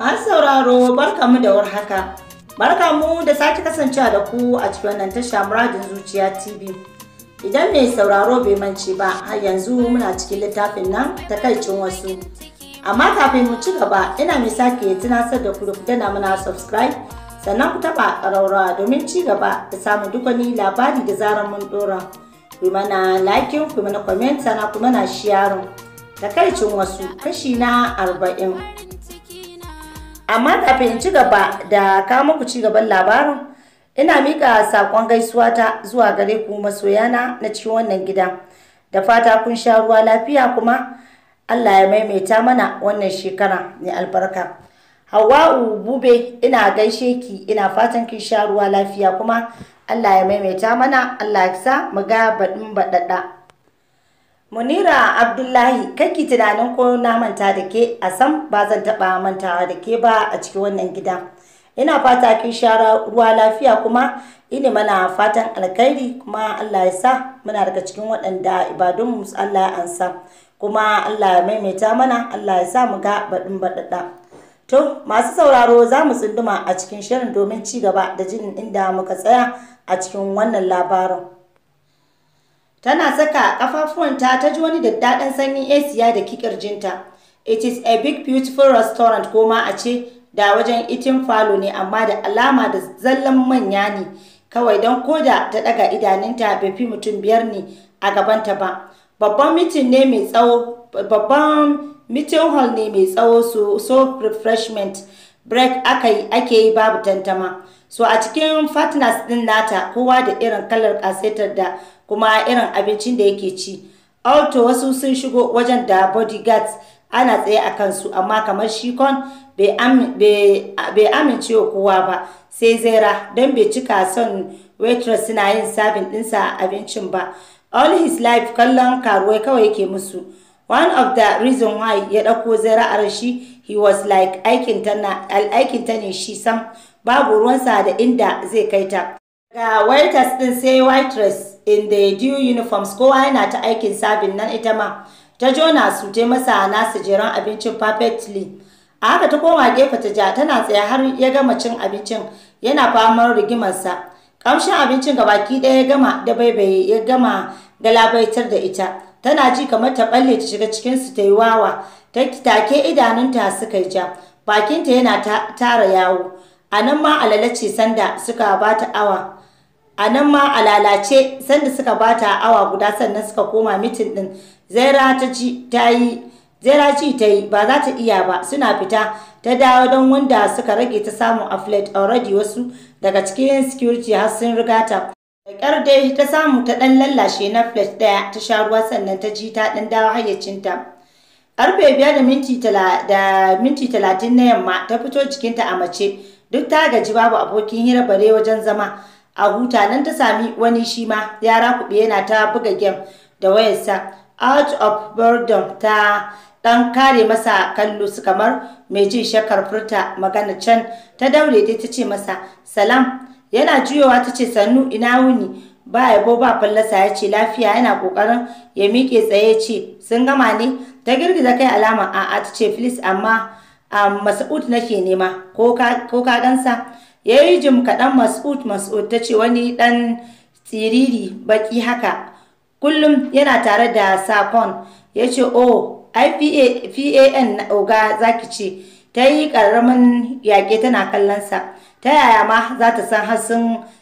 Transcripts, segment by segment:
Masu sauraro barka mu da warhaka. Barka mu da sake kasancewa da ku a cikin wannan tasha muradin zuciya TV. Idan mai sauraro bai mance ba har yanzu muna cikin littafin nan takaicin wasu. Amma kafin mu ci gaba ina mai sake tunasar da ku da ku dana muna subscribe sannan ku taba ƙararrawa domin ci gaba da samun duk wani labari da zarar mun dora. Ku mana like, ku mana comment, sannan ku mana sharing. Takaicin wasu kashi na arba'in. amma kafin ci gaba da kawo muku ci gaban labarin ina mika sakon gaisuwa ta zuwa gare ku masoyana na cikin wannan gida da fata kun sha ruwa lafiya kuma Allah ya maimaita mana wannan shekara mai albarka hawa Bube ina gaishe ki ina fatan kin sha ruwa lafiya kuma Allah ya maimaita mana Allah ya sa mu ga baɗin baɗaɗa Munira Abdullahi kake tunanin ko na manta da ke a sam ba zan taɓa mantawa da ke ba a cikin wannan gida. Ina fata kin shara ruwa lafiya kuma ina mana fatan alkhairi kuma Allah ya sa muna daga cikin waɗanda ibadunmu Allah ya ansa kuma Allah ya maimaita mana Allah ya sa mu ga baɗin baɗaɗa. To masu sauraro za mu tsunduma a cikin shirin domin ci gaba da jin inda muka tsaya a cikin wannan labarin. Tana saka kafafuwanta ta ji wani daddaɗan sanyin Asiya da kikirjinta. It is a big beautiful restaurant ma a ce da wajen itin falo ne amma da alama da zallan manya ne kawai don koda ta daga idanunta bai fi mutum biyar ne a gabanta ba. Babban mitin ne mai tsawo babban mitin hall ne mai tsawo so, so refreshment break ake yi babu tantama. So a cikin fatnas din nata kowa da irin kalar kasetar da kuma irin abincin da yake ci Auto wasu sun shigo wajen da bodyguards ana tsaye a kansu amma kamar shikon bai amince wa kowa ba sai zaira don bai cika son waitress suna yin sabin dinsa abincin ba all his life kallon karuwai kawai yake musu one of the reason why ya ɗauko zaira a rashi he was like aikinta ne shi sam babu ruwansa da inda zai kai ta Ga Waiters din sai Waitress in the due uniforms kowa yana ta aikin sabin nan ita ma. Ta jona su ta masa nasu jiran abincin perfectly. A haka ta koma gefe ta ja tana tsaye har ya gama cin abincin yana faman sa, Kamshin abincin ga baki daya ya gama da baibaye ya gama galabaitar da ita. Tana ji kamar ta balle ta shiga su ta yi wawa. Ta take idanunta suka yi ja. Bakinta yana tara yawo. a nan ma alalace sanda suka bata awa a nan ma a lalace sanda suka bata awa guda sannan suka koma mitin din zaira ta ci ta yi zaira ci ta yi ba za ta iya ba suna fita ta dawo don wanda suka rage ta samun flat already wasu daga cikin security har sun riga ta da dai ta samu ta ɗan lallashe na flat ɗaya ta sha ruwa sannan ta ji ta ɗan dawo hayyacinta karfe biyar da minti da minti talatin na yamma ta fito jikinta a mace duk ta gaji babu abokin hira bare wajen zama a huta nan ta sami wani shi ma yara kuɓe yana ta buga game da wayarsa out of boredom ta dan kare masa kallo su kamar mai jin shakar furta magana can ta daure dai ta ce masa salam yana juyowa ta ce sannu ina wuni ba yabo ba fallasa ya ce lafiya yana kokarin ya miƙe tsaye ce sun gama ne ta girgiza kai alama a ta ce filis amma a masa'ud nake nema ko ka gansa ya yi jim kaɗan mas'ud mas'ud ta ce wani ɗan tsiriri baki haka kullum yana tare da sakon ya ce o oh, ipan oga zaki ce ta yi ƙaramin yaƙe tana kallonsa ta yaya ma za ta san har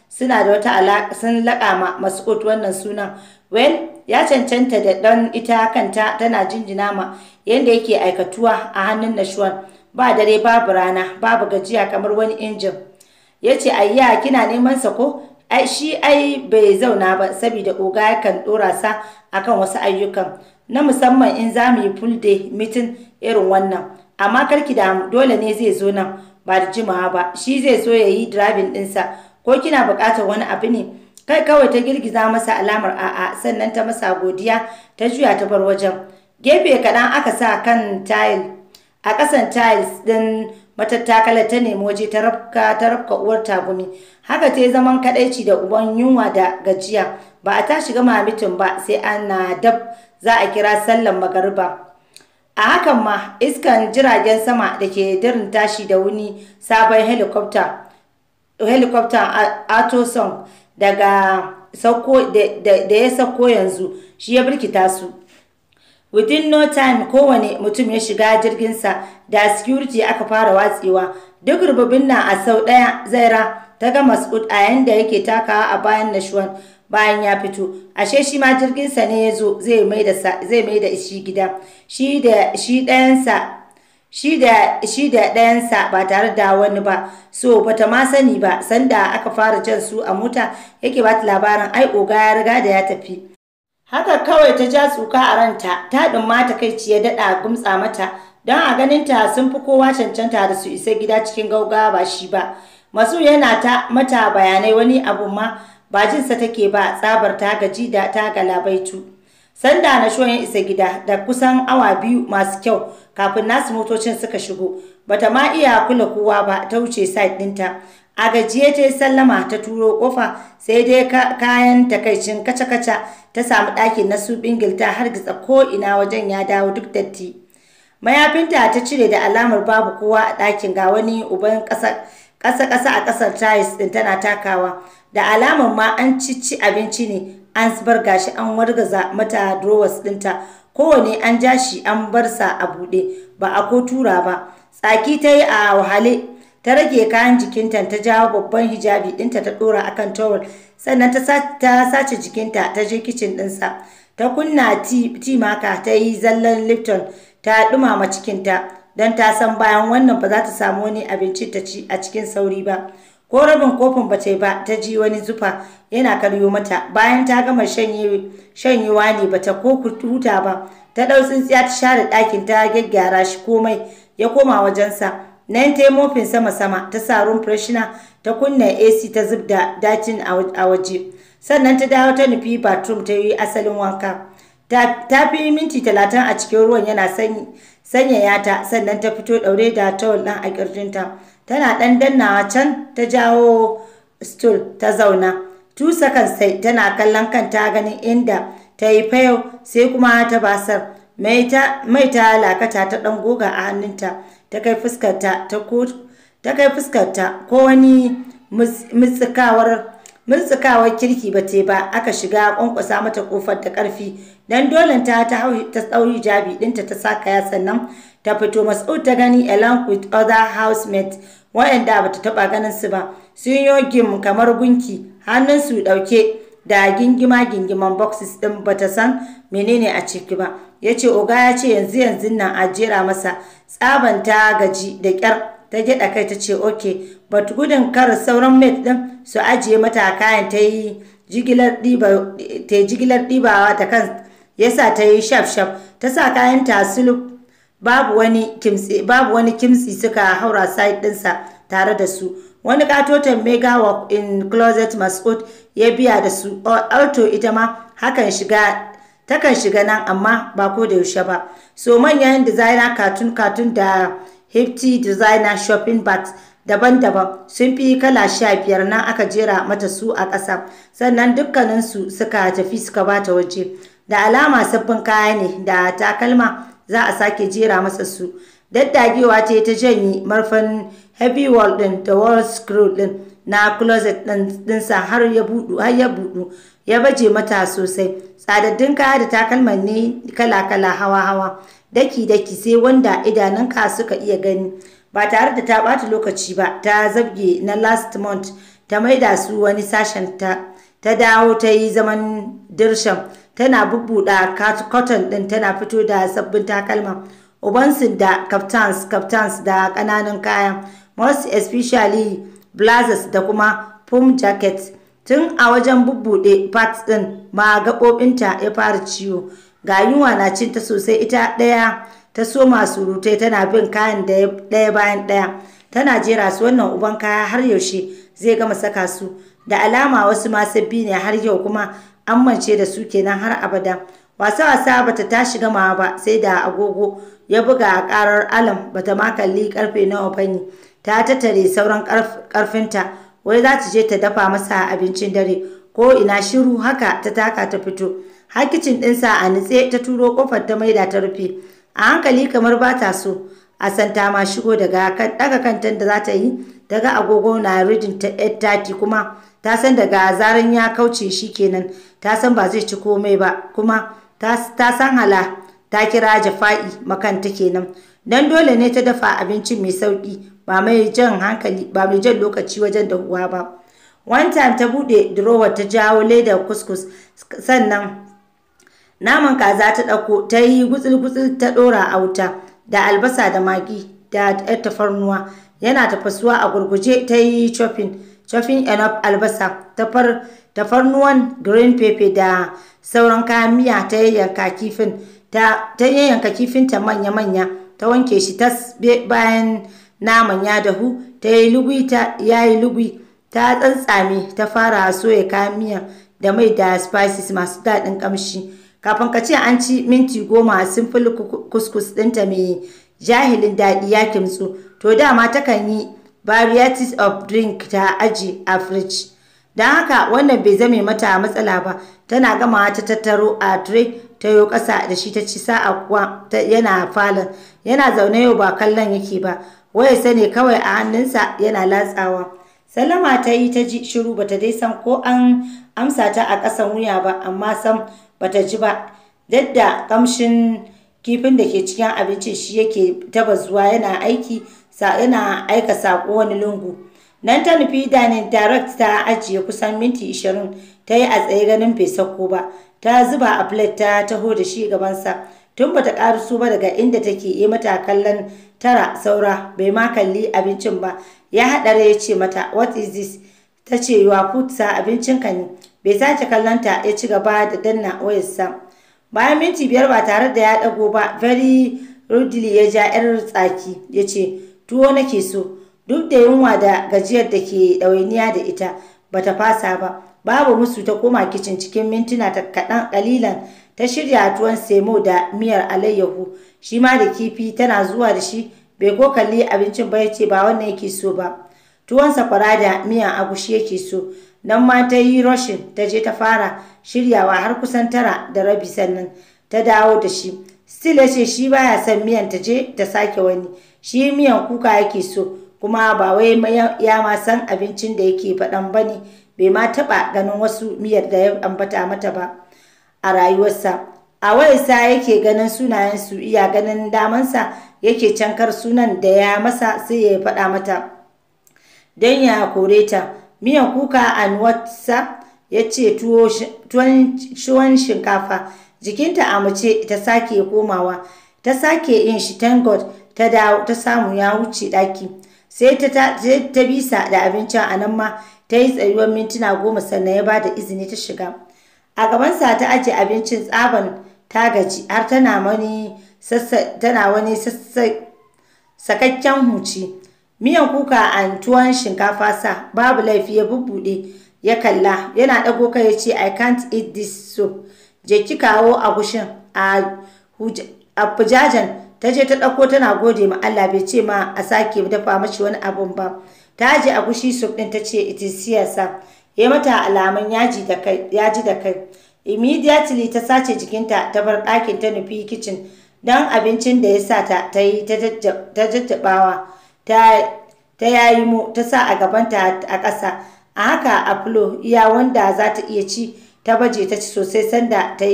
suna da wata alaƙa sun laƙa ma mas'ud wannan sunan well ya cancanta da ɗan ita kanta tana jinjina ma yadda yake aikatuwa a hannun nashuwan ba dare babu rana babu gajiya kamar wani injin ya ce ayya kina neman sa ko ai shi ai bai zauna ba saboda oga kan dora sa akan wasu ayyukan na musamman in za mu yi full day meeting irin wannan amma karki da dole ne zai zo nan ba da jimawa ba shi zai so ya yi driving ɗinsa ko kina bukatar wani abu ne kai kawai ta girgiza masa alamar a'a sannan ta masa godiya ta juya ta bar wajen gefe kaɗan aka sa kan tile a ƙasan tiles ɗin matattakalar ta nemi waje ta rafka ta rafka uwar tagumi haka ta zaman kadaici da uban yunwa da gajiya ba a tashi gama mitin ba sai ana dab za a kira sallan magariba a hakan ma iskan jiragen sama da ke dirin tashi da wuni sabon helicopter helicopter atosong daga da ya sauko yanzu shi ya birkita su within no time kowane mutum ya shiga jirginsa da security aka fara watsewa duk rububin nan a sau ɗaya zaira ta ga mas'ud a yanda yake takawa a bayan nashwan bayan ya fito ashe shi ma jirginsa ne ya zo zai mai da shi gida shi da shi ɗayansa shi da shi da ɗayansa ba tare da wani ba so bata ma sani ba sanda aka fara jan su a mota yake ba ta labarin ai oga ya riga da ya tafi Haka kawai ta ja tsuka a ranta, ta ɗumma ta kai ciye daɗa gumtsa mata, don a ganin ta sun fi kowa cancanta da su isa gida cikin gaugawa ba shi ba. Masu yana ta mata bayanai wani abu ma ba jinsa take ba tsabar ta gaji da ta galabaitu. Sanda na shoyin isa gida da kusan awa biyu masu kyau kafin nasu motocin suka shigo, bata ma iya kula kowa ba ta wuce site ɗinta. a gajiye ta yi sallama ta turo kofa sai dai kayan takaicin kaca-kaca ta samu ɗakin na su bingil ta hargitsa ko ina wajen ya dawo duk datti mayafinta ta cire da alamar babu kowa a ɗakin ga wani uban ƙasa-ƙasa a ƙasar tiles ɗin tana takawa da alamar ma an cici abinci ne an zubar gashi an wargaza mata durowas ɗinta kowane an ja shi an bar sa a buɗe ba a ko tura ba tsaki ta yi a wahale ta rage kayan jikinta ta jawo babban hijabi ɗinta ta ɗora akan towel sannan ta sace jikinta ta je kicin ɗinsa ta kunna ti maka ta yi zallan lipton ta ɗumama cikinta don ta san bayan wannan ba za ta samu wani abinci ta ci a cikin sauri ba ko rabin kofin ba ta yi ba ta ji wani zufa yana karyo mata bayan ta gama shanyewa ne ba ta ko huta ba ta ɗau tsintsiya ta share ɗakin ta gyaggyara shi komai ya koma wajensa nan ta mofin sama-sama ta sa room ta kunna ac ta zub da dacin a waje sannan ta dawo ta nufi bathroom ta yi asalin wanka ta fi minti talatin a cikin ruwan yana sanyaya ta sannan ta fito daure da tawul ɗin a ƙirjinta tana dan dannawa can ta jawo stool ta zauna two seconds sai tana kallon kanta ganin inda ta yi fayo sai kuma ta basar mai ta lakata ta ɗan goga a hannunta ta kai fuskarta ko wani mutsukawar kirki ba te ba aka shiga kwankwasa mata kofar da karfi dan dole ta ta tsauri jabi dinta ta saka ya sannan ta fito mas'ud ta gani along with other housemates waɗanda bata taba ganin su ba sun yi kamar gunki hannun su dauke da gingima gingiman boxes din bata san menene a ciki ba ya ce oga ya ce yanzu yanzu nan a jera masa tsaban ta gaji da kyar ta gyaɗa kai ta ce oke but gudun kar sauran mate din su ajiye mata kayan ta yi jigilar ɗibawa ta kan yasa ta yi shaf shaf ta sa kayan ta sulub babu wani kimsi suka haura site ɗinsa tare da su wani katoton mega walk in closet mascot ya biya da su alto ita ma hakan shiga takan shiga nan amma ba ko da yaushe ba so manyan designer katun katun da hefty designer shopping bags daban-daban sun fi kala sha biyar nan aka jera mata su a ƙasa sannan dukkaninsu suka tafi suka bata waje da alama sabbin kaya ne da takalma za a sake jera masa su daddagewa ce ta janyi marfan heavy wall din da wall screw din na closet sa har ya budu har ya budu ya baje mata sosai tsadaddin kaya da takalman ne kala-kala hawa-hawa daki-daki sai wanda idanunka suka iya gani ba tare da ta ɓata lokaci ba ta zabge na last month ta maida su wani sashen ta ta dawo ta yi zaman dirshan tana bubbuɗa cotton ɗin tana fito da sabbin takalma ubansu da captains captains da ƙananan kaya most especially blazers da kuma pum jackets. tun a wajen bubbuɗe pat ɗin ma gaɓoɓinta ya fara ciwo ga yunwa na cin ta sosai ita ɗaya ta so soma surutai tana bin kayan ɗaya bayan ɗaya tana jera su wannan uban kaya har yaushe zai gama saka su da alama wasu ma sabbi ne har yau kuma an mance da su kenan har abada wasa wasa bata tashi gamawa ba sai da agogo ya buga a karar alam bata ma kalli karfe nawa fanni. ta tattare sauran karfinta wai za ta je ta dafa masa abincin dare ko ina shiru haka ta taka ta fito har kicin ɗinsa a nitse ta turo kofar ta maida ta rufe a hankali kamar ba ta so a santa ma shigo daga daga kantan da za ta yi daga agogo na ridin ta tati kuma ta san daga zaran ya kauce shi kenan ta san ba zai ci komai ba kuma ta san hala ta kira jafa'i makanta kenan don dole ne ta dafa abinci mai sauki ba mai jan hankali ba mai jan lokaci wajen dahuwa ba one ta bude drawer ta jawo leda kuskus sannan naman kaza ta dauko ta yi gutsul-gutsul ta dora a wuta da albasa da magi da tafarnuwa yana tafasuwa a gurguje ta yi chopping chopping enough albasa tafarnuwan green pepper da sauran kayan miya ta yayyanka ta yayyanka kifin ta manya-manya ta wanke shi tas bayan naman ya dahu ta yi lugui ta yayi ta tsantsame ta fara soya kayan miya da mai da spices masu daɗin ƙamshi kafin ka ce an ci minti goma fi kuskus ɗinta mai jahilin daɗi ya kimtsu to dama takan yi varieties of drink ta aji a fridge don haka wannan bai zame mata matsala ba tana gama ta tattaro a tray ta yo ƙasa da shi ta ci sa'a kuwa yana falon yana zaune yau ba kallon yake ba waye sani kawai a hannunsa yana latsawa salama ta yi ta ji shiru bata dai san ko an amsa ta a ƙasan wuya ba amma san bata ji ba yadda kamshin kifin da ke cikin abincin shi yake ta bazuwa yana aiki yana aika saƙo wani lungu nan ta nufi danin direct ta ajiye kusan minti 20 ta yi a tsaye ganin bai sako ba ta zuba a plate ta taho da shi gabansa tun bata su ba daga inda take yi mata kallon tara saura bai ma kalli abincin ba ya haɗare ya ce mata what is this ta ce wa putsa abincin ka ne bai sace kallon ya ci gaba da danna wayarsa bayan minti biyar ba tare da ya ɗago ba very rudely ya ja yar tsaki ya ce tuwo nake so duk da yunwa da gajiyar da ke ɗawainiya da ita bata fasa ba babu musu ta koma kicin cikin mintuna ta kaɗan ƙalilan ta shirya tuwon semo da miyar alayyahu shi ma da kifi tana zuwa da shi bai ko kalli abincin ba ya ce ba wannan yake so ba tuwon sakwara da miyan agushi yake so nan ma ta yi rashin ta je ta fara shiryawa har kusan tara da rabi sannan ta dawo da shi still ya ce shi baya son miyan ta je ta sake wani shi miyan kuka yake so kuma ba wai ya ma san abincin da yake faɗan ba ne bai ma taɓa ganin wasu miyar da ya ambata mata ba a rayuwarsa a waisa yake ganin sunayensu iya ganin damansa yake cankar sunan da ya masa sai ya faɗa mata don ya kore ta miyan kuka a anwatsa ya ce tuwon shinkafa jikinta a mace ta sake komawa ta sake yin shi tangod ta samu ya wuce ɗaki sai ta bisa da abincin a nan ma ta yi tsayuwar mintuna goma sannan ya ba da izini ta shiga a gabansa ta ajiye abincin tsaban ta gaji har tana wani sakakken huci miyan kuka a tuwon shinkafa sa babu laifi ya bubbuɗe ya kalla yana ɗago kai ya ce i can't eat this soup je ki kawo agushin a fujajen ta je ta ɗauko tana gode ma Allah bai ce ma a sake dafa mashi wani abun ba ta je a gushi su ɗin ta ce ita siyasa ya mata alaman yaji da kai da kai immediately ta sace jikinta ta bar ɗakin ta nufi kicin don abincin da ya sa ta yi ta jajjabawa ta yayi mu ta sa a gabanta a ƙasa a haka a flo iya wanda za ta iya ci ta baje ta ci sosai sanda ta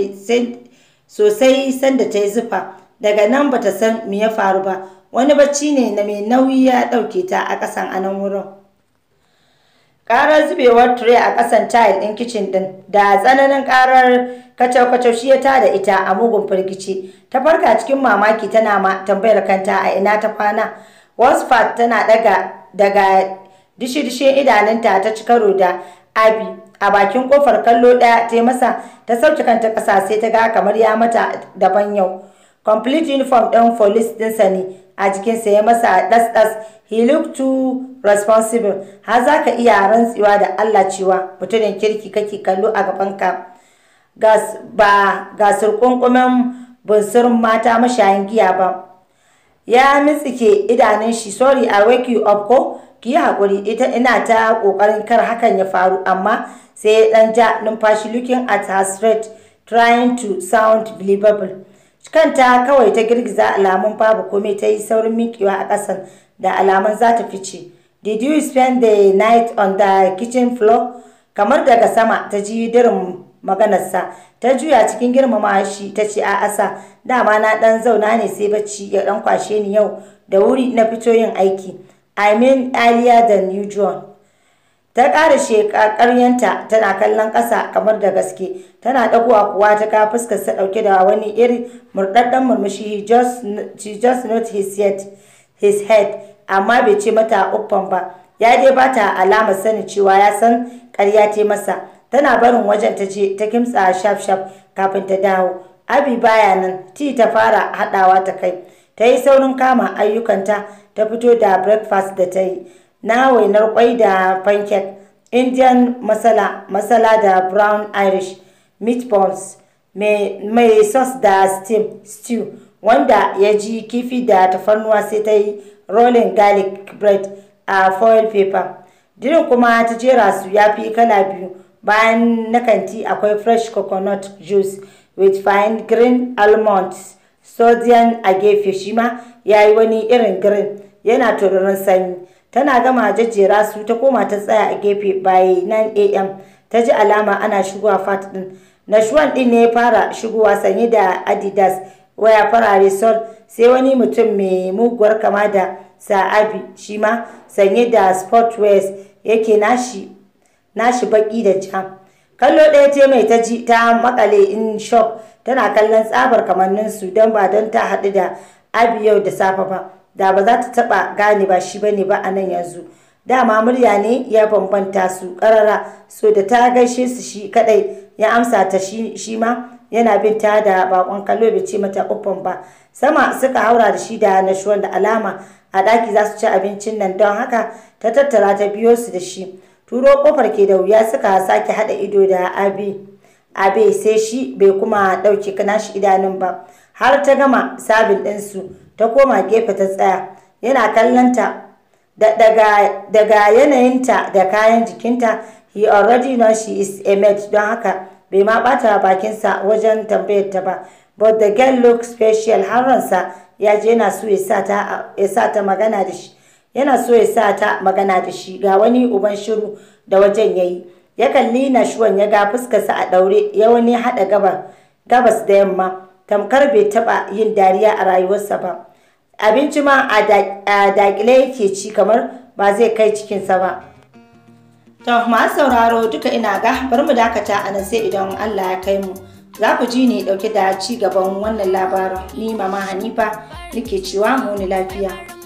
yi zufa daga nan ba ta san me ya faru ba wani bacci ne na mai nauyi ya ɗauke ta a ƙasan anan wurin ƙarar zubewar tire a ƙasan tile ɗin kicin ɗin da tsananin ƙarar kacau-kacau shi ya da ita a mugun firgici ta farka cikin mamaki tana ma tambayar kanta a ina ta kwana wasfat tana daga daga dishi-dishin idanunta ta ci karo da abi a bakin kofar kallo ɗaya ta masa ta sauke kanta ƙasa sai ta ga kamar ya mata daban yau complete uniform ɗin police sa ne a jikinsa ya masa a ɗas-ɗas he look too responsible har za ka iya rantsewa da Allah cewa mutumin kirki kake kallo a gaban ka ba gasar kunkumen bunsurin mata mashayin giya ba ya mitsike idanun shi sorry i wake you up ko ki yi haƙuri ita ina ta ƙoƙarin kar hakan ya faru amma sai ya ɗan ja numfashi looking at her straight trying to sound believable kanta kawai ta girgiza alamun babu komai ta yi saurin miƙewa a ƙasan da alamun za ta fice did you spend the night on the kitchen floor kamar daga sama ta ji dirin maganarsa ta juya cikin girmama shi ta ce a asa dama na dan zauna ne sai bacci ya dan kwashe ni yau da wuri na fito yin aiki i mean earlier than usual ta ƙara shekaryanta tana kallon ƙasa kamar da gaske tana ɗagowa kuwa ta ga sa ɗauke da wani irin murɗaɗɗen murmushi he just not his yet his head amma bai ce mata uffan ba ya dai ba ta alama sani cewa ya san ƙarya ta masa tana barin wajen ta je ta kimtsa shaf shaf kafin ta dawo abi baya nan ti ta fara haɗawa ta kai ta yi saurin kama ayyukanta ta fito da breakfast da ta yi na wainar kwai da pancake indian masala masala da brown irish meatballs mai sauce da stew wanda ya ji kifi da tafarnuwa sai ta yi rolling garlic bread a foil paper dinin kuma ta jera su ya fi kala biyu bayan na kanti akwai fresh coconut juice with fine green almonds sodium a gefe shi ma ya yi wani irin green yana tururin sanyi tana gama jajjera su ta koma ta tsaya a gefe by 9 a.m. ta ji alama ana shigowa fat din nashuwan din ne ya fara shigowa sanye da adidas waya farare sol sai wani mutum mai muguwar kama da sa'abi shi ma sanye da sportwear yake nashi nashi baki da jam kallo ɗaya ce mai ta ji ta makale in shop tana kallon tsabar kamannin su don ba don ta haɗu da abi yau da safe ba da ba za ta taɓa gane ba shi bane ba a nan yanzu dama murya ne ya bambanta su karara so da ta gaishe su shi kadai ya amsa ta shi ma yana bin ta da bakon kallo bai ce mata uffan ba sama suka haura da shi da nashuwan da alama a daki za su ci abincin nan don haka ta tattara ta biyo su da shi turo kofar ke da wuya suka sake hada ido da abi abe sai shi bai kuma dauke kanashi idanun ba har ta gama sabin ɗinsu ta koma gefe ta tsaya yana kallon ta daga yanayinta da kayan jikinta he already know she is a maid don haka bai ma bata bakinsa wajen tambayar ta ba but the girl look special har ransa ya je yana so ya sa ta magana da shi yana so ya sa magana da shi ga wani uban shiru da wajen yayi ya kalli na shuwan ya ga fuskarsa a daure ya wani hada gabas da yamma tamkar bai taba yin dariya a rayuwarsa ba abinci ma a dakile yake ci kamar ba zai kai cikinsa ba to masu sauraro duka ina ga bari mu dakata a nan sai idan allah ya kai mu za ku ji ne dauke da ci gaban wannan labarin ni mama hanifa nake cewa mu ne lafiya